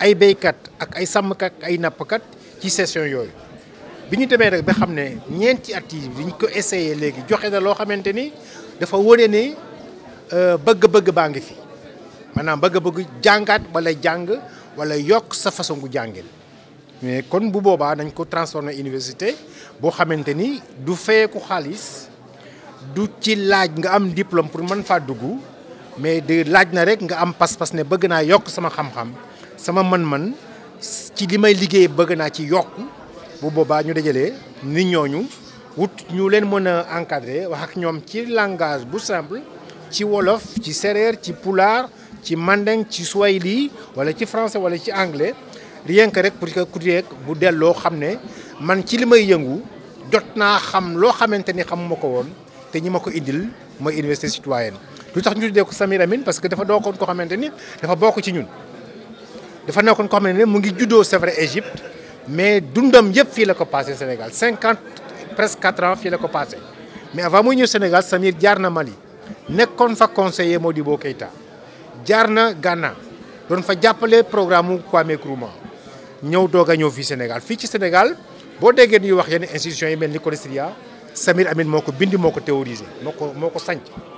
ay béykat ak ay sàmmkat ay nappkat ci session yooyu bi ñu rek ba xam ne ñeenti at yi bi ñu ko essayé léegi joxe na loo xamante ni dafa baga ne euh, bëgg-bëgg baa fi maanaam bëgg-bëgg jangat wala jàng wala yokk sa façon gu jàngin mais kon bu boobaa dañ ko transformé université boo xamante ni du feeku xaalis du ci laaj nga am diplôme pour mën faa dugg mais de laaj na rek nga am pas-pas ne bëgg na yokk sama xam-xam sama man-man ci limay liggéey bëgg ci yokk bu boobaa ñu dajalee nit ñooñu wut ñu leen mën encadrer wax ak ñoom ci langage bu simple ci wolof ci ci pulaar ci mandeng ci swahili wala ci français wala ci anglais rien que pour que bu man ci limay yëngu xam te ñi ma ko indil mooy université citoyenne ñu parce que dafa ko dafa dafa nekkoon koo xam ne mu ngi juddoo c'est vrai Égypte mais dundam yëpp fii la ko passé Sénégal cinquante presque quatre ans fii la ko passé mais avant muy ñëw Sénégal Samir jaar Mali nekkoon fa conseiller Modibo Keïta jaar Ghana doon fa jàppale programme quoi Kwame Nkrumah ñëw doog a ñëw fii Sénégal fii ci Sénégal boo déggee ñuy wax yenn institutions yi mel ni Samir Amin Moko, ko bindi moo ko Moko moo sanc